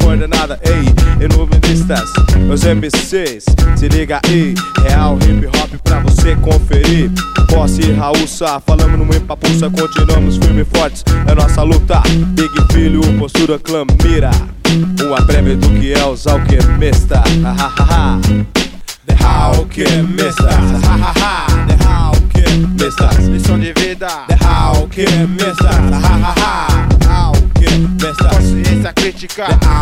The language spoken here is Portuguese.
Põe nada, ei, e novelistas, meus MCs, se liga aí, real hip hop pra você conferir. Posse e Raulsa, falamos no empapuça, continuamos firme e fortes, é nossa luta. Big filho, postura clamira, uma breve do que é os alquimistas. The Alquimistas, ha The Alquimistas, lição de vida. The Alquimistas, ha Alquimistas, consciência crítica.